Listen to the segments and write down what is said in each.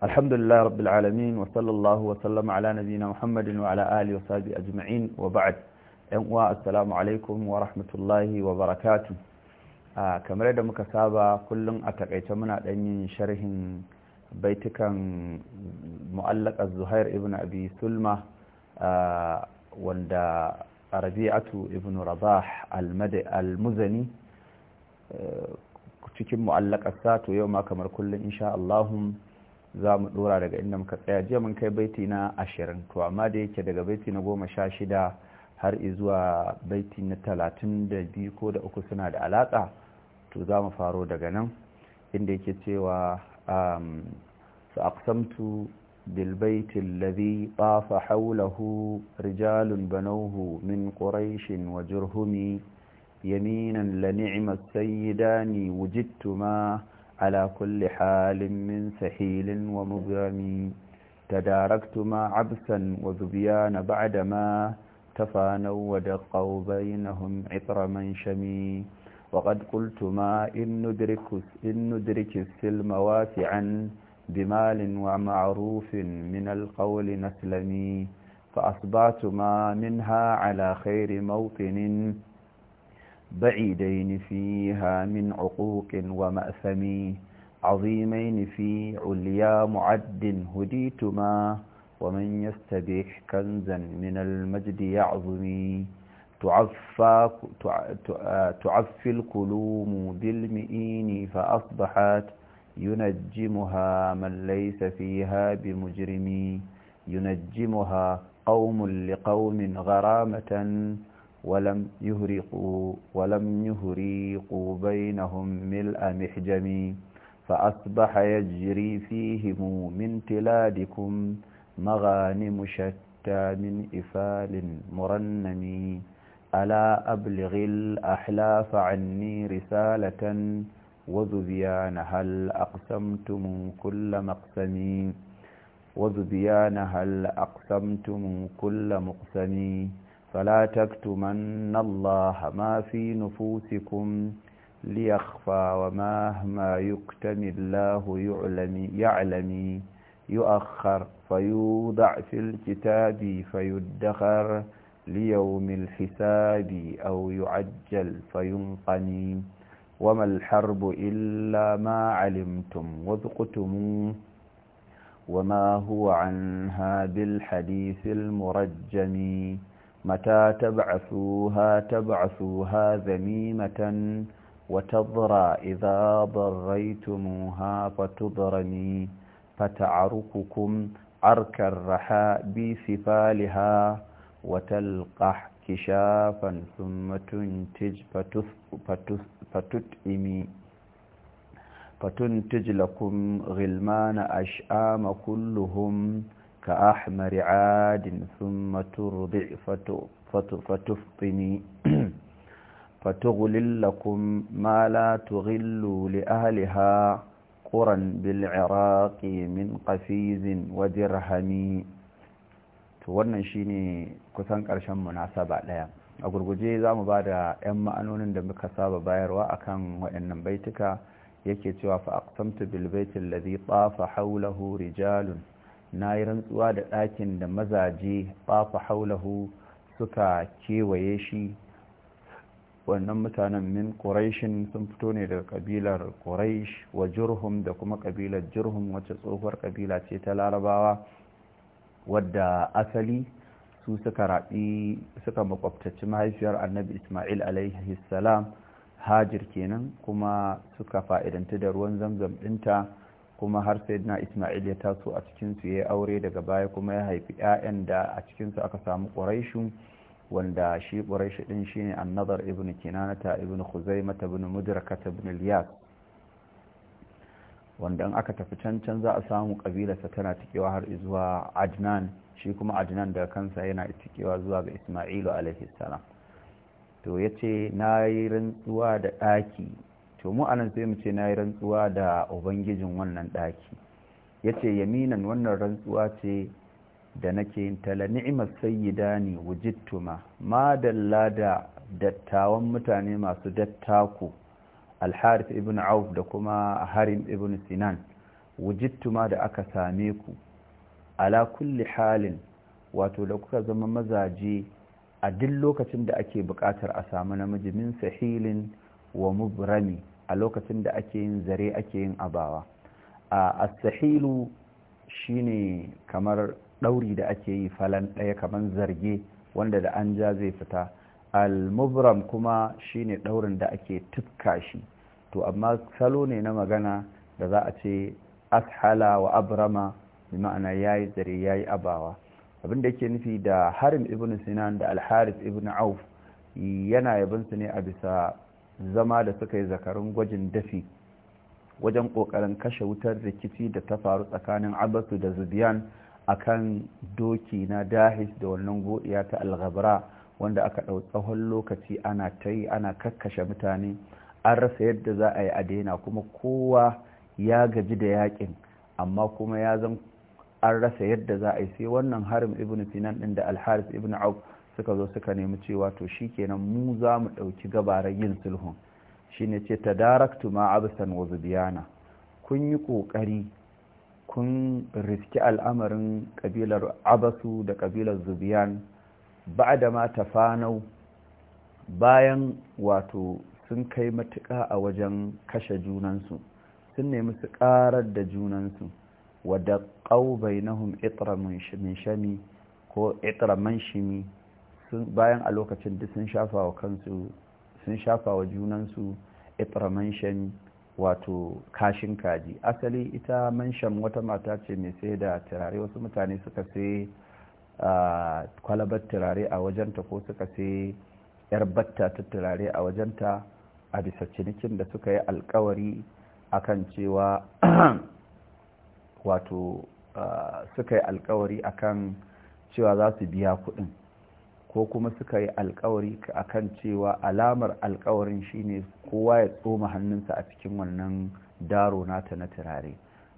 الحمد لله رب العالمين وصلى الله وسلم على نبينا محمد وعلى آله وصحبه أجمعين وبعد السلام عليكم ورحمة الله وبركاته kamar yadda muka saba kullum a takaice muna ɗan yin sharhin baitukan mu'allaka zuhair ibn abisulma sulma wanda rabi'atu ibn rabah al-muzani cikin mu'allakar to yau ma kamar kullum insha Allahun za mu dora daga inda muka tsaya jiya mun kai baiti na ashirin to amma da yake daga baiti na goma sha shida har zuwa baiti na talatin da biyu ko da uku suna da alaƙa to za mu faro daga nan inda yake cewa su aksamtu بالبيت الذي طاف حوله رجال بنوه من قريش وجرهم يمينا لنعم Sayyidani وجدتما على كل حال من سحيل ومغرم تداركت ما عبسا وذبيان بعدما تفانوا ودقوا بينهم عطر منشمي وقد قلت ما إن ندرك, إن ندرك السلم واسعا بمال ومعروف من القول نسلمي فأصبعت ما منها على خير موطن بعيدين فيها من عقوق ومأثم عظيمين في عليا معد هديتما ومن يستبيح كنزا من المجد يعظم تعفى, آه، تعفى القلوم بالمئين فأصبحت ينجمها من ليس فيها بمجرم ينجمها قوم لقوم غرامة ولم يهرقوا ولم يهريقوا بينهم ملء محجم فأصبح يجري فيهم من تلادكم مغانم شتى من إفال مرنم ألا أبلغ الأحلاف عني رسالة وذبيان هل أقسمتم كل مقسم وذبيان هل أقسمتم كل مقسم فلا تكتمن الله ما في نفوسكم ليخفى ومهما يكتم الله يعلم يعلم يؤخر فيوضع في الكتاب فيدخر ليوم الحساب أو يعجل فينقني وما الحرب إلا ما علمتم وذقتموه وما هو عنها بالحديث المرجم متى تبعثوها تبعثوها ذميمة وتضرى إذا ضريتموها فتضرني فتعرككم عرك الرحاء بسفالها وتلقح كشافا ثم تنتج فتتئمي فتنتج لكم غلمان أشآم كلهم ka ahmari adin sun maturbi fatufini fatughulin lakun ma la tughillu li ahliha ƙuran bil iraki min ƙafizin wa dirhami to wannan shine kusan ƙarshen munasaba ba ɗaya a gurguje za mu ba da 'yan ma'anonin da muka saba bayarwa a kan waɗannan baituka yake cewa fa aqsamtu bil baitin lazi ɓafa haulahu rijalun na yi rantsuwa da ɗakin da mazaje fafa haulahu suka kewaye shi wannan mutanen min ƙuraishin sun fito ne daga ƙabilar ƙuraish wa jurhum da kuma ƙabilar jurhum wacce tsohuwar ƙabila ce ta larabawa wadda asali su suka raɗi suka mahaifiyar annabi ismail alaihi salam hajir kenan kuma suka fa'idanta da ruwan zamzam ɗinta kuma har sai na isma'il ya taso a cikinsu ya yi aure daga baya kuma ya haifi ƴaƴan da a cikinsu aka samu quraishu wanda shi ɗin din shine annadar ibn kinanata ibn khuzaimah ibn mudrakah ibn liyas wanda in aka tafi can can za a samu kabilarsa tana tikewa har zuwa adnan shi kuma adnan daga kansa yana tikewa zuwa ga isma'ilu alaihi salam to yace na yi rantsuwa da ɗaki to mu anan sai mu ce na yi rantsuwa da ubangijin wannan ɗaki ya ce yaminan wannan rantsuwa ce da nake yin tala ni'imar sayyida ne wujittuma ma dalla da dattawan mutane masu dattaku alharif ibn auf da kuma harim ibn sinan wujittuma da aka same ku ala kulli halin wato da kuka zama mazaje a duk lokacin da ake bukatar a samu namiji min sahilin wa mubrami a lokacin da ake yin zare ake yin abawa a asahilu shine kamar ɗauri da ake yi falan ɗaya kamar zarge wanda da an ja zai fita al-mubram kuma shine ɗaurin da ake tufka shi to amma salo ne na magana da za a ce ashala wa abrama bi ma'ana yayi zare yayi abawa abinda yake nufi da harim ibn sinan da al-harith ibn auf yana yabinsu ne a bisa zama da suka yi zakarun gwajin dafi wajen kokarin kashe wutar rikici da ta faru tsakanin abasu da zubiyan kan doki na dahis da wannan godiya ta algabra wanda aka ɗau tsawon lokaci ana ta yi ana kakkashe mutane an rasa yadda za a yi a daina kuma kowa ya gaji da yakin amma kuma ya zan an rasa yadda za a yi sai wannan harin ibn sinan din da alharis ibn auf suka zo suka nemi cewa to shi kenan mu za mu ɗauki gabarar yin sulhun shi ne ce ta daraktu ma abisan wa zubiyana kun yi ƙoƙari kun riski al'amarin ƙabilar abasu da ƙabilar zubiyan ba da ma ta fanau bayan wato sun kai matuka a wajen kashe junansu sun nemi su ƙarar da junansu wadda ƙaubai na hun itra min shami ko itra man shimi bayan a lokacin duk sun shafa wa kansu sun shafa wa junansu itramanshan wato kashin kaji asali ita manshan wata mata ce mai sai da turare wasu mutane suka sai kwalabar turare a wajenta ko suka sai yar batta ta turare a wajenta a bisa cinikin da suka yi alkawari akan cewa wato suka yi alkawari akan cewa za su biya kudin. ko kuma suka yi alkawari a kan cewa alamar alkawarin shine kowa ya tsoma hannunsa a cikin wannan daro nata na turare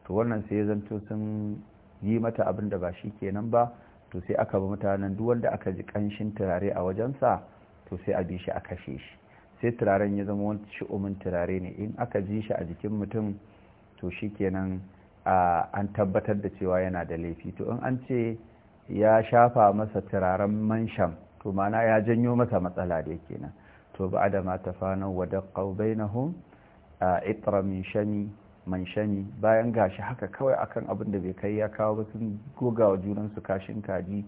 to wannan sai ya zanto sun yi mata abin da ba shi kenan ba to sai aka bi mutanen duk wanda aka ji kanshin turare a wajensa to sai a bi shi a kashe shi sai turaren ya zama wani shi'umin turare ne in aka ji shi a jikin mutum to shi kenan an tabbatar da cewa yana da laifi to in an ce ya shafa masa turaren manshan to mana ya janyo masa matsala da yake nan to ba da ma tafana wa daqqaw bainahum itra min shami man shami bayan gashi haka kawai akan abin da bai kai ya kawo ba sun gogawa junan su kashin kaji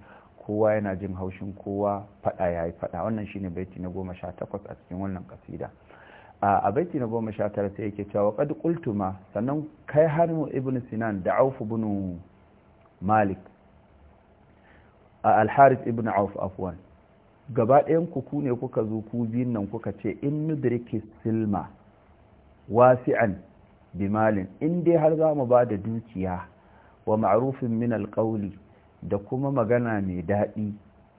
kowa yana jin haushin kowa fada yi fada wannan shine baiti na 18 a cikin wannan kasida a baiti na 19 sai yake cewa qad qultuma sannan kai har mu ibnu sinan da aufu bunu malik A harith ibn auf afwan gaba ɗayan ku ku ne kuka zo ku biyun nan kuka ce in nudriki silma wasi'an bimalin in dai har za mu ba da dukiya wa ma'rufin min alƙauli da kuma magana mai daɗi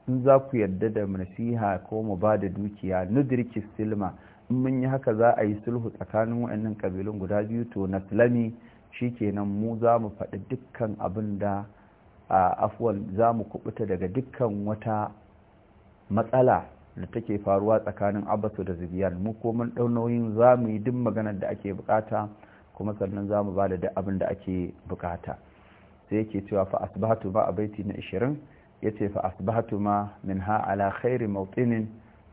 in za ku yarda da nasiha ko mu ba da dukiya nudriki silma in mun yi haka za a yi sulhu tsakanin wa'annan kabilun guda biyu to naslami shikenan mu za mu faɗi dukkan abin da A afwan za mu kubuta daga dukkan wata matsala da take faruwa tsakanin abasu da zibiyan mu ko mun daunoyin za mu yi duk maganar da ake bukata kuma sannan za mu ba da abin da ake bukata sai yake cewa fa asbahatu ba a baiti na 20 yace fa asbahatu ma ha ala khairi mawtinin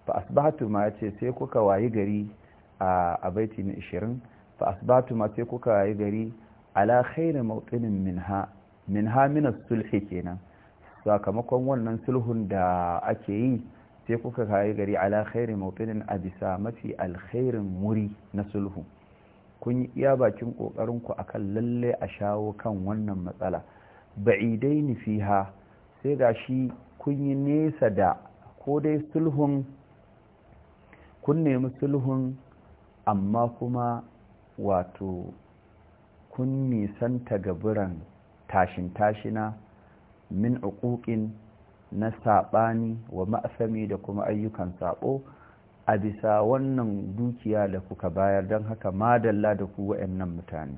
fa asbahatu ma yace sai kuka wayi gari a baiti na 20 fa asbahatu ma sai kuka wayi gari ala khairi mawtinin ha? min haminas sulhi kenan sakamakon wannan sulhun da ake yi sai kuka kayi gari ala khairin a bisa mafi alkhairin wuri na sulhu kun yi iya bakin kokarinku akan lalle a shawo kan wannan matsala ba'idaini fiha sai gashi kun yi nesa da ko dai sulhun kun nemi sulhun amma kuma wato kun nisanta gaburan tashin tashina min uquqin na saɓani wa ma'asami da kuma ayyukan saɓo a bisa wannan dukiya da kuka bayar don haka madalla da ku wa'annan mutane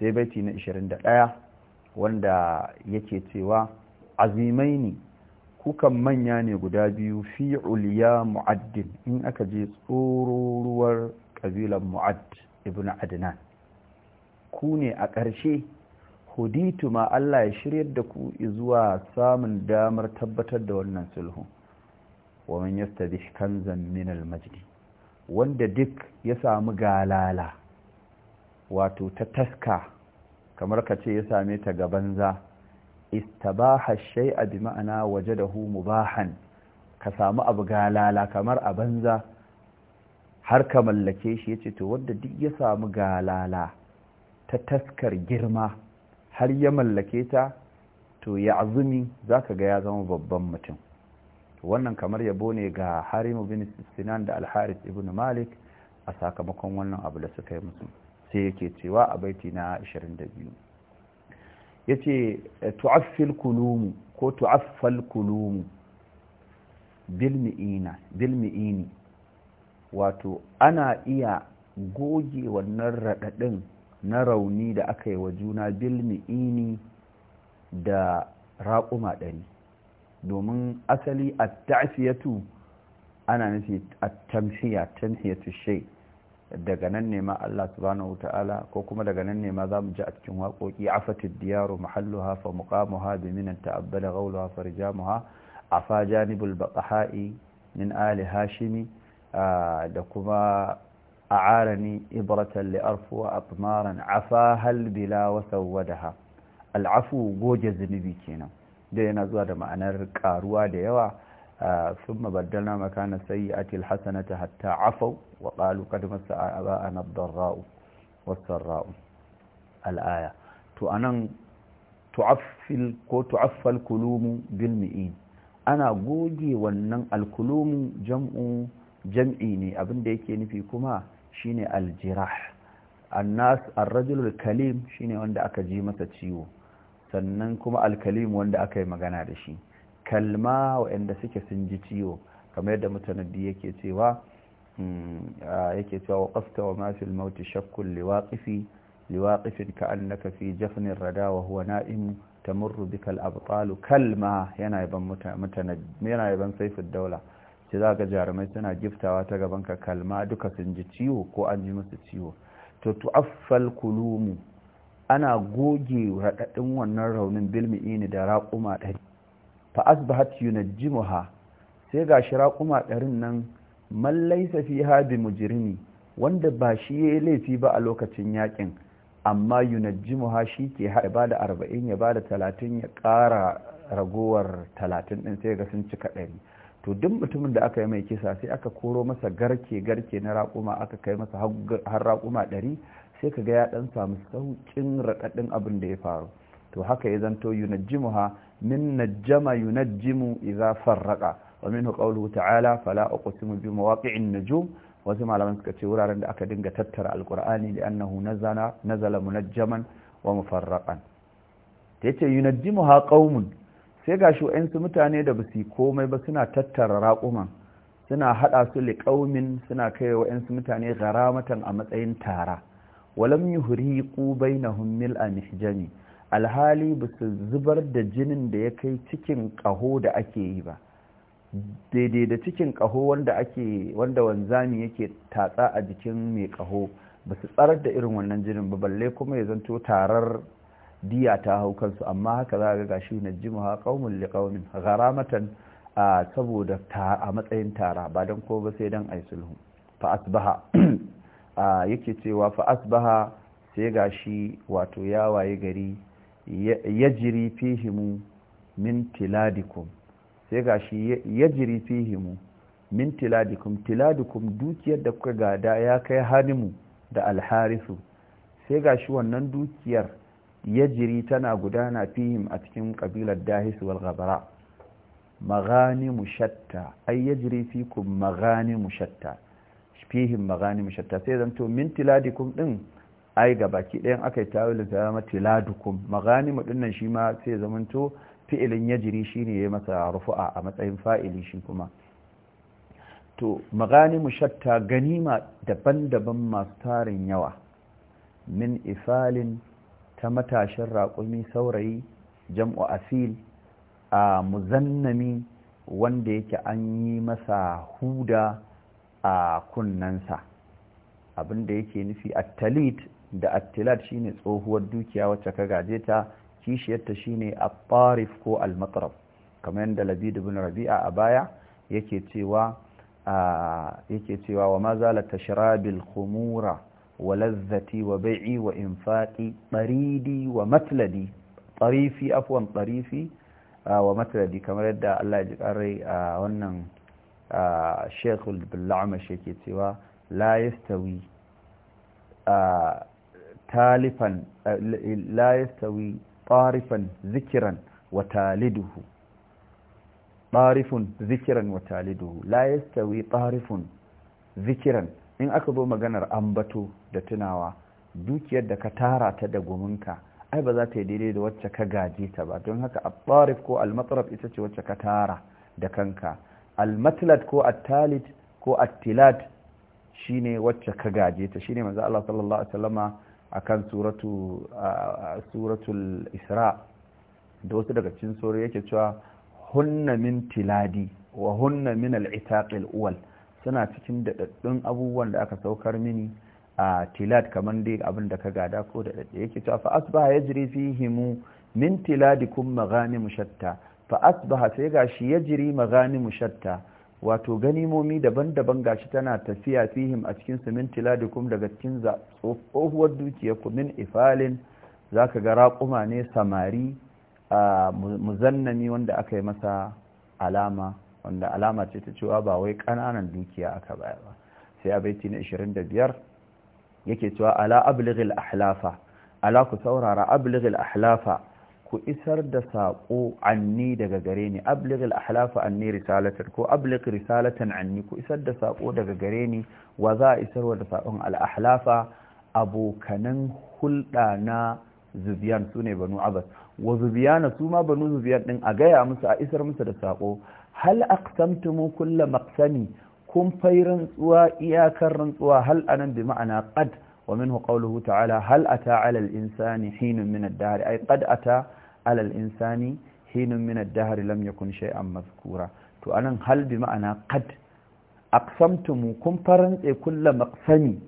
sai baiti na 21 wanda yake cewa azimai ne kukan manya ne guda biyu fi uliya mu'addin in aka je tsororuwar ƙabilan mu'ad ibn adnan ku ne a ƙarshe huditu ma Allah ya shiryar da ku zuwa samun damar tabbatar da wannan sulhu wa man yastadish kanzan min al-majdi wanda duk ya samu galala wato ta taska kamar ka ce ya same ta gaban za istabaha shay'a bi ma'ana wajadahu mubahan ka samu abu galala kamar a banza har ka mallake shi yace to wanda duk ya samu galala ta taskar girma har ya mallake ta to ya azumi za ka ga ya zama babban mutum wannan kamar yabo ne ga harimu bin sinan da alharis ibn malik a sakamakon wannan abu da suka yi musu sai yake cewa a baiti na 22 ya ce tu'affil kulumu ko tu'affal kulumu bilmi'ini wato ana iya goge wannan raɗaɗin na rauni da aka yi wa juna bilmi'ini da raƙuma ɗari domin asali a ta'asiyatu ana nufi a tamfiya tamfiyatu shai daga nan ne ma Allah subhanahu ta'ala ko kuma daga nan ne ma za mu ji a cikin waƙoƙi afatid diyaru mahalluha fa muqamuha bi minan ta'abbada ghawluha farjamuha afa janibul ha'i min ali hashimi ah, da kuma أعارني إبرة لأرفو أطمارا عفاها البلا وسودها العفو جوجة زنبي كينا دينا زوادة معنى كاروا ديوا ثم بدلنا مكان سيئة الحسنة حتى عفو وقالوا قد مس أباءنا الضراء والسراء الآية تؤنن تعفل كو تعفى الكلوم بالمئين أنا جوجي ونن الكلوم جمع jam'i ne abin da yake nufi kuma shine aljirah annas arrajulul kalim shine wanda aka ji masa ciwo sannan kuma alkalim wanda aka yi magana da shi kalma waɗanda suke sun ji ciwo kamar yadda mutanaddi yake cewa hmm, yake cewa waqafta wa ma fil mauti shakkun liwaqifi liwaqifin ka'annaka fi jafnir rada wa huwa na'im tamurru bika al-abtalu kalma yana yaban saifin yana yaban saifud daula sai za ga jarumai suna giftawa ta gaban ka kalma duka sun ji ciwo ko an ji musu ciwo to tu'affal kulumu ana goge raɗaɗin wannan raunin bilmi-ini da raƙuma ɗari fa asbahat yunajjimuha sai ga shi raƙuma ɗarin nan man laysa fiha bi mujrimi wanda ba shi yayi laifi ba a lokacin yakin amma yunajjimuha shi ke haɗa ba da arba'in ya ba da talatin ya ƙara ragowar talatin ɗin sai ga sun cika ɗari to duk mutumin da aka yi mai kisa sai aka koro masa garke-garke na raƙuma aka kai masa har raƙuma ɗari sai ka ga ya ɗan samu sauƙin raɗaɗin abin da ya faru to haka ya zanto ha min najjama yunajjimu idza farraqa wa minhu qawluhu ta'ala fala uqsimu bi mawaqi'in ju wasu malaman suka ce wuraren da aka dinga tattara alqur'ani li annahu nazala nazala munajjaman wa mufarraqan ta yace ha qaumun sai ga shu'yansu mutane da basu komai ba suna tattara raƙuman suna haɗa su liƙaumin suna kai wa'yansu mutane garamatan a matsayin tara walam huri ƙubai na hummil a mihjani alhali ba su zubar da jinin da ya kai cikin ƙaho da ake yi ba daidai da cikin ƙaho wanda ake wanda wanzami yake tatsa a jikin mai ƙaho ba su tsarar da irin wannan jinin ba balle kuma ya zanto tarar diya ta hau kansu amma haka za ga gashi na kaunin liƙaunin liqaumin a saboda a matsayin tara ba don ko ba sai a yi sulhu fa'asbaha yake cewa fa'asbaha sai gashi wato ya waye gari jiri fihimu min tiladikum sai gashi jiri fihimu min tiladikum tiladikum dukiyar da kuka gada ya kai hanimu da alharisu sai gashi wannan dukiyar yajiri tana gudana fihim a cikin kabilar dahis wal ghabara magani mushatta ai yajiri fikum magani mushatta fihim magani mushatta sai zanto min tiladikum din ai gabaki ɗayan aka yi tawilin ta zama tiladukum magani mu dinnan shi ma sai zamanto fi'ilin yajiri shine yayi masa rufu'a a matsayin fa'ili shi kuma to magani mushatta ganima daban-daban masu tarin yawa min ifalin ta matashin raƙumi saurayi jam'u asil a muzannami wanda yake an yi masa huda a kunnansa abinda yake nufi attalit da attilat shine tsohuwar dukiya wacce ka gaje ta kishiyarta shine a ko almatarab kamar yadda labid bin rabi'a a baya yake cewa yake cewa wa ma zala tashrabil khumura walazzati wa bai'i wa infaqi baridi wa matladi tarifi afwan tarifi wa matladi kamar yadda Allah ya ji karai a wannan Sheikh Al-Ballama yake cewa la yastawi talifan la yastawi tarifan zikran wa taliduhu tarifun zikran wa in aka zo maganar ambato da tunawa dukiyar da ka tara ta da gominka ai ba za ta yi daidai da wacce ka gaje ta ba don haka al ko al ita ce wacce ka tara da kanka al ko at ko at-tilat shine wacce ka gaje ta shine manzo Allah sallallahu alaihi wasallama akan suratu suratul isra da wasu daga cikin sura yake cewa hunna min tiladi wa hunna min al-itaqil uwal suna cikin daɗaɗɗun abubuwan da aka saukar mini a tilad kamar dai abin da ka gada ko da daɗe yake cewa fa asbaha fi himu min tiladikum magani shatta fa asbaha sai gashi jiri magani shatta wato ganimomi daban-daban gashi tana tafiya fihim a cikinsu su min kun daga cikin tsohuwar ku min ifalin Za ka ga raƙuma ne samari a muzannami wanda aka yi masa alama wanda alama ce ta cewa ba wai ƙananan dukiya aka baya ba sai a baiti na 25 yake cewa ala ablighil ahlafa ala ku saurara ablighil ahlafa ku isar da saƙo anni daga gare ni ablighil ahlafa anni risalatan ko abligh risalatan anni ku isar da saƙo daga gare ni wa za a isarwa da saƙon al-ahlafa abokanan hulɗa na zubiyan sune banu abbas wa zubiyana su ma banu zubiyan din a gaya musu a isar musu da sako hal aqsamtumu kulla maqsami kun fai rantsuwa iyakar rantsuwa hal anan bi ma'ana qad wa minhu qawluhu ta'ala hal ata 'ala al-insani hinun min ad-dahr ay qad ata 'ala al-insani hinun min ad-dahr lam yakun shay'an mazkura to anan hal bi ma'ana qad aqsamtumu kun farantse kulla maqsami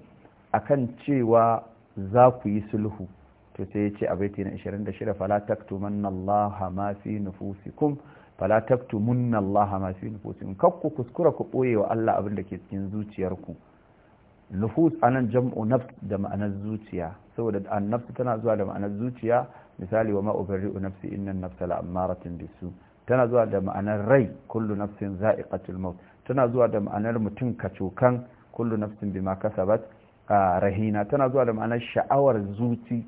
akan cewa za ku yi sulhu to sai ya ce a baiti na 26 fala taktumanna allaha ma fi nufusikum fala taktumunna Allah ma fi nufusikum kakku kuskura ku boye wa Allah abin da ke cikin zuciyarku nufus anan jam'u nafs da ma'anar zuciya saboda an tana zuwa da ma'anar zuciya misali wa ma ubarri'u nafsi inna an-nafsa la'amaratun bisu tana zuwa da ma'anar rai kullu nafsin za'iqatul maut tana zuwa da ma'anar mutum kacokan kullu nafsin bima kasabat rahina tana zuwa da ma'anar sha'awar zuci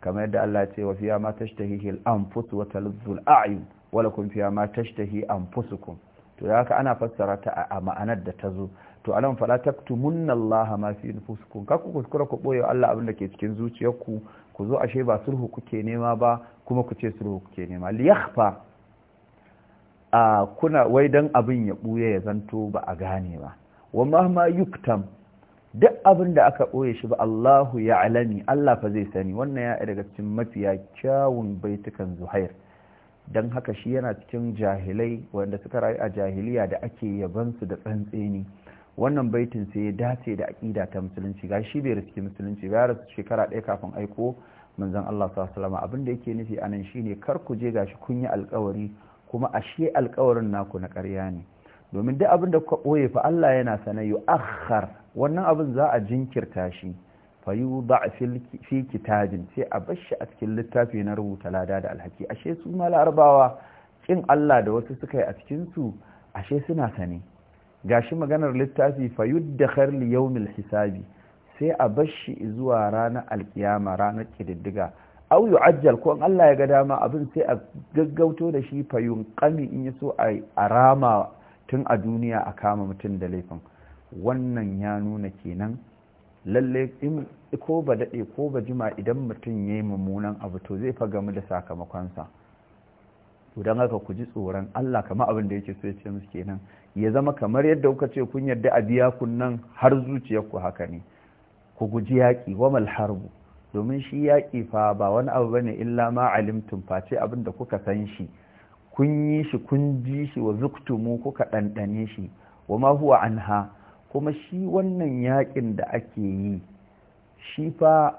kamar yadda Allah ya ce wa fiya ma tashtahihi al-anfus wa talazzu ayun wala kun fiya ma tashtahi anfusukum to ya ka ana fassara ta a ma'anar da ta zo to alam fala taktumunna Allah ma fi nufusukum ka ku kuskura ku boye Allah abin da ke cikin zuciyarku ku zo ashe ba sulhu kuke nema ba kuma ku ce sulhu kuke nema li yakhfa a kuna wai dan abin ya buye ya zanto ba a gane ba wa mahma yuktam duk abin da aka boye shi ba Allahu ya'lami Allah fa zai sani wannan ya daga cikin mafiya kyawun baitukan Zuhair don haka shi yana cikin jahilai wanda suka rayu a jahiliya da ake yabansu da tsantseni wannan baitin sai ya dace da aƙida ta musulunci ga shi bai riski musulunci ba rasu shekara ɗaya kafin aiko manzon Allah sallallahu alaihi abin da yake nufi anan shine kar ku je gashi kun yi alƙawari kuma ashe alƙawarin naku na ƙarya ne domin duk abin da kuka ɓoye fa Allah yana sanayyo akhar wannan abin za a jinkirta shi fayu ba fi kitabin sai a bashi a cikin littafi na rubuta lada da alhaki ashe su ma larabawa kin Allah da wasu suka yi a cikinsu ashe suna sane gashi maganar littafi fayuddakhar li yawmil hisabi sai a bashi zuwa ranar alkiyama ranar kididdiga aw yu'ajjal ko in Allah ya ga dama abin sai a gaggauto da shi fayun qami in yaso a Arama tun a duniya a kama mutum da laifin wannan ya nuna kenan lalle in ko ba daɗe ko ba jima idan mutum ya yi mummunan abu to zai mu da sakamakonsa to don haka ku ji tsoron Allah kama abin da yake so ya ce musu kenan ya zama kamar yadda kuka ce kun yarda a biya kun nan har ku haka ne ku guji yaƙi wa harbu domin shi yaƙi fa ba wani abu bane illa ma alimtum face abin da kuka san shi kun yi shi kun ji shi wa zuktumu kuka ɗanɗane shi wa ma huwa ha. kuma shi wannan yaƙin da ake yi shi fa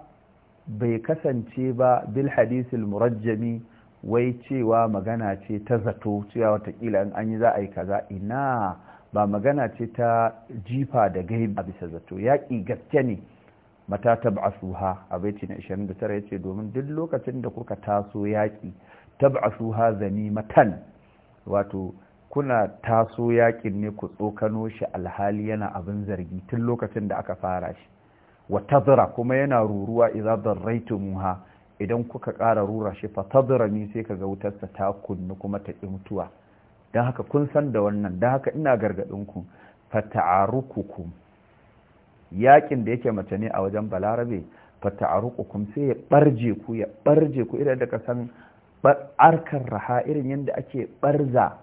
bai kasance ba bil hadisul murajjami wai cewa magana ce ta zato cewa watakila in an yi za a yi kaza ina ba magana ce ta jifa da gai a bisa zato yaƙi gaske ne mata ta ba'asuha a baiti na 29 ya ce domin duk lokacin da kuka taso yaƙi ta ba'asuha zani matan wato kuna taso yakin ne ku tsokano shi alhali yana abin zargi tun lokacin da aka fara shi wa tadra kuma yana ruruwa idza muha idan kuka ƙara rura shi fa ni sai kaga wutarsa ta kunnu kuma ta mutuwa dan haka kun san da wannan dan haka ina gargadin ku fata'arukukum yakin da yake mace ne a wajen balarabe fata'arukukum sai ya barje ku ya barje ku idan da ka san arkar raha irin yadda ake barza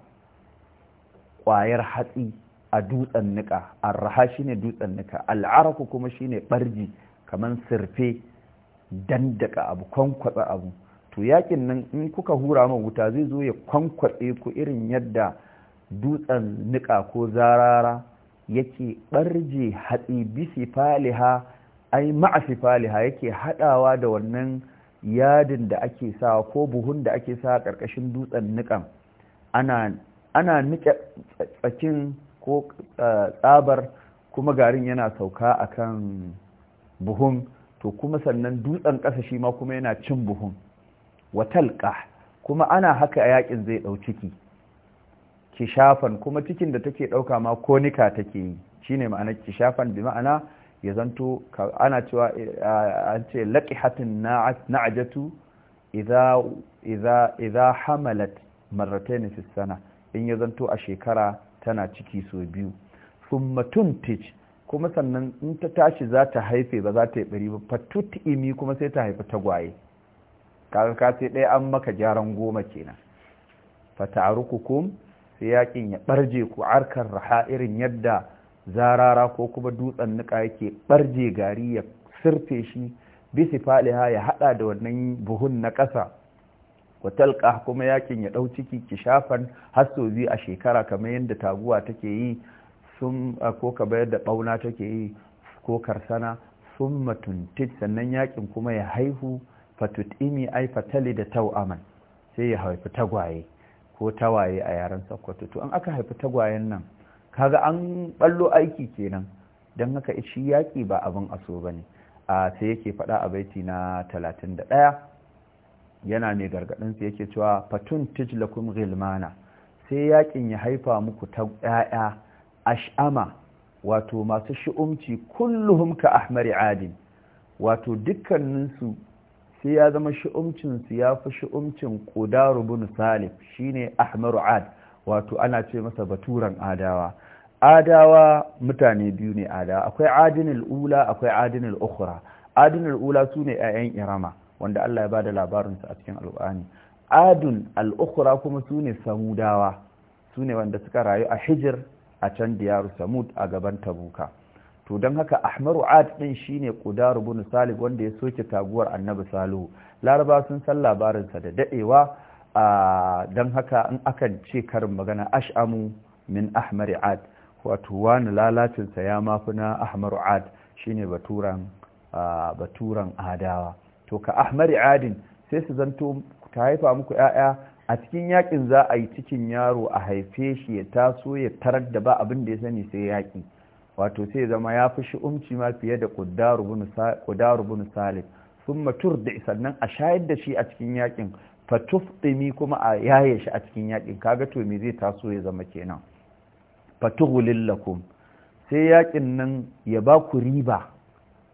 ƙwayar hatsi a dutsen niƙa arraha shine dutsen nika al'araku kuma shine ɓarji kamar sirfe dandaka abu kwankwatsa abu to yakin nan in kuka hura ma wuta zai zo ya kwankwatse ku irin yadda dutsen niƙa ko zarara yake ɓarje hatsi bisi faliha ai ma'afi faliha yake haɗawa da wannan yadin da ake sawa ko buhun da ake sawa ƙarƙashin dutsen niƙan ana ana nike tsakin ko eh, tsabar kuma garin yana sauka akan buhun to kuma sannan dutsen ƙasa shi ma kuma yana cin buhun watalƙa kuma ana haka a yakin zai ɗau ciki kishafan kuma cikin da take ɗauka ma konika take yi shine ma'ana kishafan bi ma'ana ya zanto ana cewa eh, an ce laqihatin na'ajatu idza idza idza hamalat marratayn fi sana in ya zanto a shekara tana ciki sau biyu thumma Tij kuma sannan in ta tashi za ta haife ba za ta yi bari ba imi kuma sai ta haifi tagwaye kaga ka sai ɗaya an maka jaran goma kenan fata'arukukum sai yakin ya ɓarje ku arkar raha irin yadda zarara ko kuma dutsen nika yake ɓarje gari ya sirfe shi bisi faliha ya hada da wannan buhun na ƙasa watalka kuma yakin ya ɗau ciki kishafan hasozi a shekara kamar yadda taguwa take yi sun ko bayar yadda ɓauna take yi ko karsana Sun matuntit sannan yakin kuma ya haihu fatutimi ai fatali da tau'aman sai ya haifi tagwaye ko tawaye a yaren sakkwato to an aka haifi tagwayen nan kaga an ballo aiki kenan don haka shi yaƙi ba abin aso ba ne a sai yake faɗa a baiti na talatin da ɗaya. yana mai gargadinsu yake cewa fatun tijlakum ghilmana sai yakin ya haifa muku ta ƴaƴa ash'ama wato masu shi'umci kulluhum ka ahmari adin wato dukkaninsu sai ya zama shi'umcinsu ya fi shi'umcin ƙudaru bin salif shine ahmaru ad wato ana ce masa baturan adawa adawa mutane biyu ne adawa akwai adinul ula akwai adinul ukhra adinul ula sune 'ya'yan irama wanda Allah ya bada labarinsa a cikin alƙur'ani adun al'ukura kuma sune ne samudawa su ne wanda suka rayu a hijir a can diyaru samud a gaban tabuka to don haka ahmaru ad din shine qudar ibn Salih wanda ya soke taguwar annabi salihu laraba sun san labarinsa da dadewa don haka in akan ce karin magana ash'amu min Ahmaru ad wato wani lalacinsa ya mafi na ahmaru ad shine baturan baturan adawa to ka ahmari adin sai su zanto ta haifa muku ‘ya'ya a cikin yakin za a yi cikin yaro a haife shi ya taso ya tarar da ba abin da ya sani sai yaƙi wato sai zama ya fi shi umci ma fiye da kudaru bin salif sun matur da sannan a shayar da shi a cikin yaƙin. fatuf ɗimi kuma a yaye shi a cikin yakin kaga to me zai taso ya zama kenan fatuhulin sai yaƙin nan ya ba ku riba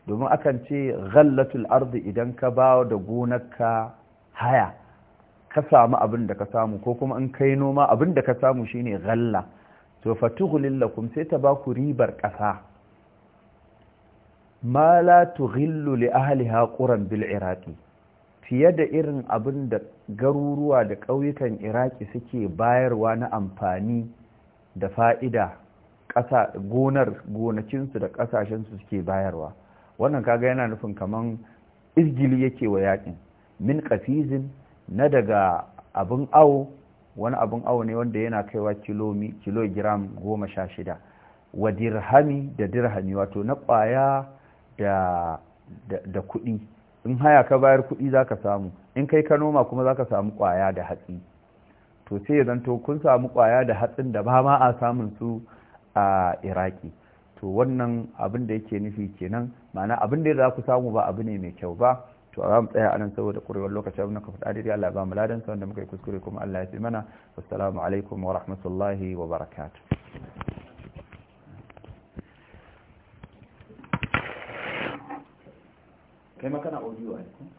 domin akan ce ghallatul ardi idan ka ba da gonarka haya ka samu abin da ka samu ko kuma in kai noma abin da ka samu shine ghalla to fatughlil lakum sai ta ba ku ribar kasa ma la tughillu li ahliha quran bil iraqi fiye da irin abin da garuruwa da ƙauyukan iraki suke bayarwa na amfani da fa'ida gonar gonakinsu da ƙasashensu suke bayarwa wannan kaga yana nufin kaman izgili yake wa yakin min kafizin na daga abin awo wani abin awo ne wanda yana kaiwa kilogiram goma sha shida wa dirhami da dirhami wato na kwaya da, kuɗi in haya ka bayar kuɗi za ka samu in kai ka noma kuma za ka samu kwaya da hatsi to sai ya zanto kun samu kwaya da hatsin da ba ma a samun su a iraki to wannan abin da yake nufi kenan ma'ana abin da za ku samu ba abu ne mai kyau ba to a zamu tsaya anan saboda kurewar lokaci abin da ka faɗa daidai Allah ba mu ladan sa wanda muka yi kuskure kuma Allah ya fi mana assalamu alaikum wa rahmatullahi wa barakatuh kai makana audio a yankin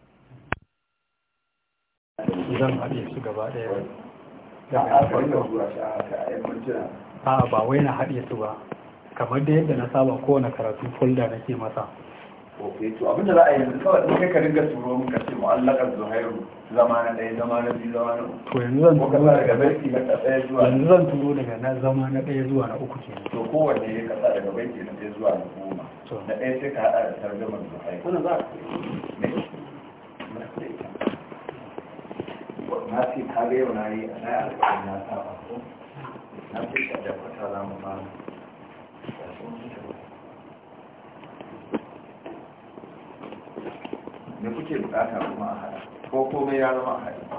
zan haɗe su gaba ɗaya a ba wai na haɗe su ba kamar da yadda na saba kowane karatu folda nake masa ok to abin da za a yi yanzu kawai ɗin kai ka dinga turo mu ka ce mu'allakar zuhairu zama na ɗaya zama na biyu zama na uku to yanzu zan turo daga baiti na ɗaya zuwa yanzu zan turo daga na zama na ɗaya zuwa na uku kenan to kowanne ya kasa daga baiti na ɗaya zuwa na goma na ɗaya sai ka haɗa da tarjamar zuhairu wannan za a na ce ka ga yau na yi na yi alƙawari na saba faso na ce ka da kwata za mu fara da kuke bukata kuma a hada ko komai ya zama a hada